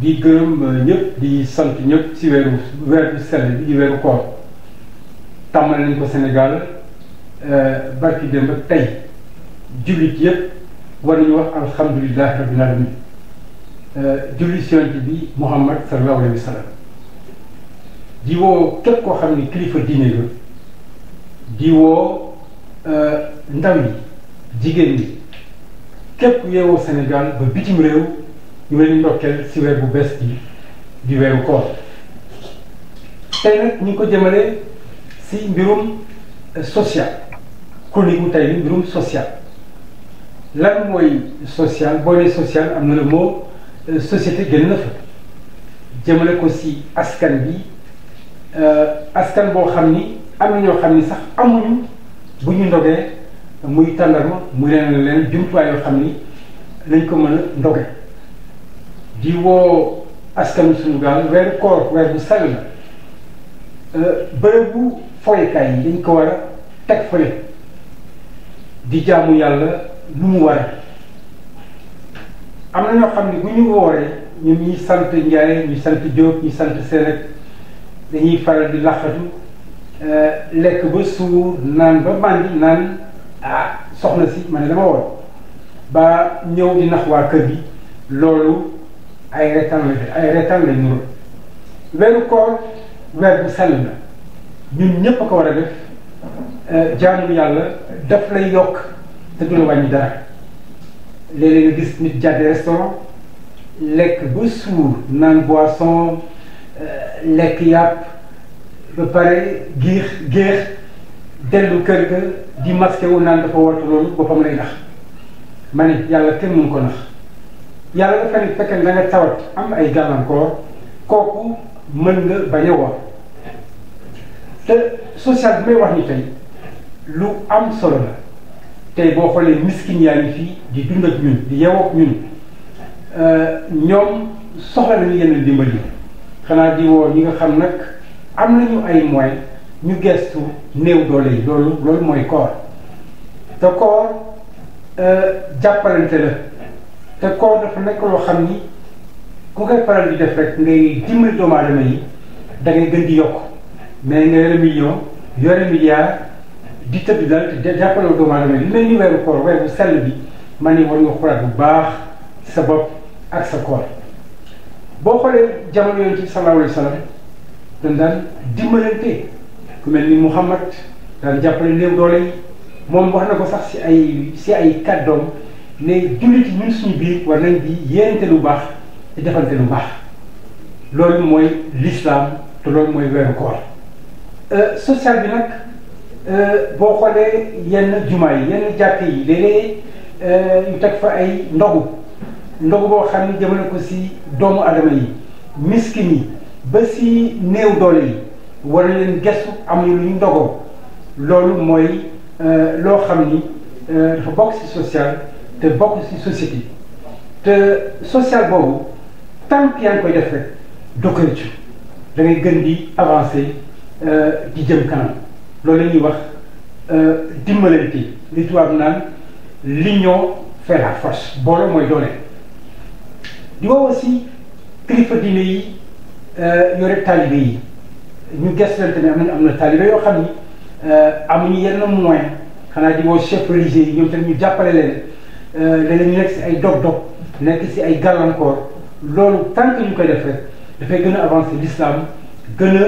di gërëm euh, ñëpp di sant ñëpp ci weeru weeru sell bi di weeru koor tàmbali nañ ko senegal euh, barki démb tey jullit yëpp war nañu wax alhamdulilah rabbil alamin euh, julli si yonent bi Muhammad sallallahu alayhi wa sallam di képp koo xam ne kilifa diine la di woo ndaw yi jigéen ñi képp yeewoo Sénégal ba bitim réew ñu leen ndokkeel si weer bu bees bi di weeru koor tey nag ñu ko jëmale si mbirum eh, social chronique bu bi mbirum social lan mooy social boo nee social am na le moo eh, société gën na fa jëmale ko si askan bi eh, askan boo xam ni am na ñoo xam ni sax amuñu bu ñu ndogee muy tàndarma muy leen leen jumtuwaay yoo xam ni lañ ko mën a ndoge di woo askanu suñu weeru koor weer bu sell la euh, bërëbu foyekaay yi dañ ko war a teg fële di jàmm yàlla lu mu war am na ñoo xam ne bu ñu wooree ñun ñuy sant Ndiaye ñu sant Diop ñu sant Sénégal dañuy faral di laxatu euh, lekk ba suur naan ba màndi naan ah, soxna si ma ne dama woor ba ñëw di nax waa kër gi loolu ay reetaan la ay reetaan ñu weeru koor weer bu sell la ñun ñëpp ko war a def euh, jaamu yàlla daf lay yokk te du la wàññi dara léeg-léeg gis nit jàdde restaurant lekk ba suur naan boisson euh, lekk yàpp ba pare giix géex dellu kër gi di masqué wu naan dafa wartu loolu boppam lay nax ma yàlla kenn mënu ko nax yàlla dafa ne fekkee da nga tawat am ay gàllankoor kooku mën nga bañ a woor te social bi may wax ni tey lu am solo la tey boo xoolee miskin yaa fii di dund ak ñun di yeewoo ñun euh, ñoom soxla nañu yenn dimbali xanaa di woo ñi nga xam nag am nañu ay moyens ñu gestu néew doole yi loolu loolu mooy koor te koor euh, jàppalante la. te koor dafa nekk loo xam ni ku koy faral di def rek ngay dimbali doomu aadama yi da ngay gën di yokk mais nga yore million yore milliard di tëdd daal te jàppale doomu aadama yi mel ni weeru koor weer bu sell bi ma ne war nga xoolaat bu baax sa bopp ak sa koor boo xoolee jamono yooyu ci sallallahu alayhi wa sallam dañ daan dimbalante ku mel ni Muhammad daan jàppale néew doole yi moom wax na ko sax si ay si ay kàddoom ne jullit ñun suñu biir war nañ di yéente lu baax di defante lu loolu mooy l'islam te loolu mooy weeru koor euh, social bi nag euh, boo xoolee yenn jumaa yi yenn jàkk yi léeg-léeg euh, ñu teg fa ay ndogu ndogu boo xam ne jëmale ko si doomu adama yi miskin yi ba si néew doole yi war leen gestu amuñu lu ñu ndogoo loolu mooy loo xam ni dafa bokk si social te bokk ci société te social boobu tant que yaa koy def rek doo ko rëccu da gën di avancer euh, di jëm kanam loolu la ñuy wax euh, dimbalante li tubaab naan l'union fait la force boole mooy doole di woo aussi kilifa diine yi euh, yore taalibe yi ñu gëstu leen tamit am nañu am na taalibe yoo xam ni amuñu yenn moyen xanaa di woo chef religieux yi ñoom tamit ñu jàppale leen. Euh, danañu nekk si ay dog-dog nekk si ay gàllankoor loolu tant que ñu koy def rek dafay gën a avancer l'islam gën a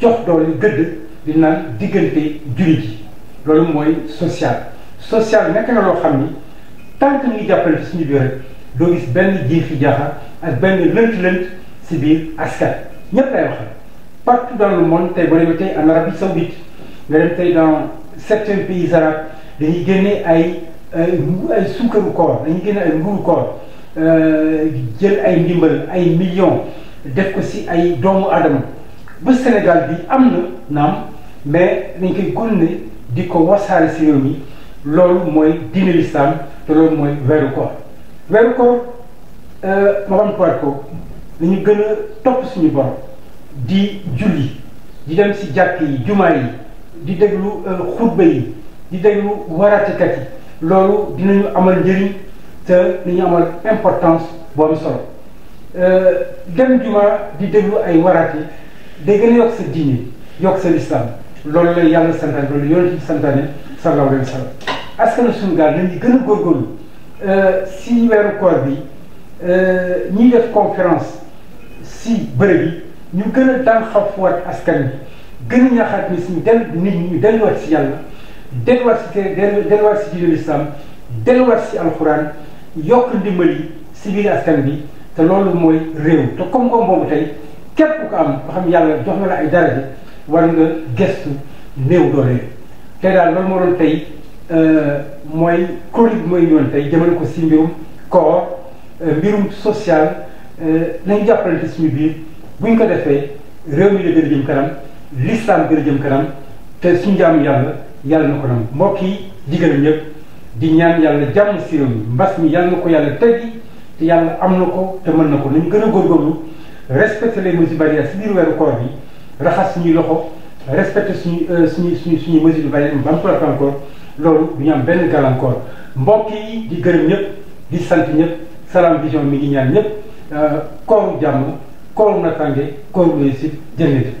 jox doole gëdd di naan diggante jullit yi loolu mooy social social nekk na loo xam ni tant que ñu ngi jàppale suñu biir rek doo gis benn jiixi jaaxa ak benn lënt-lënt si biir askan ñépp lay waxal partout dans le monde tey boo demee tey en Arabie Saoudite nga dem tey dans certains pays arabes dañuy génnee ay ay euh, euh, suukaru koor dañu génne ay euh, mburu koor jël ay ndimbal ay millions def ko si ay doomu adama ba Sénégal bi am na naam mais dañ koy gunne di ko wasaare si réew mi loolu mooy diine lislaam te loolu mooy weeru koor weeru koor ma wantuwaat dañu gën a topp suñu borom di julli di dem si jàkk yi jumaa yi di déglu xutba yi di déglu waratikat yi loolu dinañu amal njëriñ te dinañu amal importance bu am solo euh, dem jumaa di déglu ay waraat yi day gën a yokk sa diine yokk sa lislaam loolu la yàlla santaane loolu yonent bi santaane sallallahu alayhi wa sallam askanu suñu gaal nañu gën a góorgóorlu euh, si weeru koor bi euh, ñiy def conférence si bërëb yi ñu gën a daan xafuwaat askan bi gën a ñaaxaat ni suñu ñu delluwaat si delluwaat si téere delluwaat si diine lislaam delluwaat si alxuraan yokk ndimbal si biir bi te loolu mooy réew te koom-koom boobu tey képp ko am ba xam yàlla jox na la ay daraja war nga gestu néew doole tey daal loolu moo doon tey euh, mooy chronique bi mooy ñoon tey jëmale ko si mbirum koor euh, mbirum social euh, nañ jàppalante suñu biir buñ ko defee réew mi la gën a jëm kanam l'islam gën jëm kanam te suñu jaamu yàlla yàlla na ko nangu mbokk yi digal ñëpp di ñaan yàlla jàmm si réew mi mbas mi yàlla na ko yàlla teggi te yàlla am na ko te mën na ko nañ gën a góorgóorlu respect les mesures barrières si biir weeru koor bi raxas suñuy loxo respecté euh, suñu suñu suñu suñu mesures barrières ba mu ko def loolu du ñu am benn gàllankoor mbokk yi di gërëm ñëpp di sant ñëpp Salam Vision mi ngi ñaan ñëpp euh, kooru jàmm kooru natange kooru réussite jënd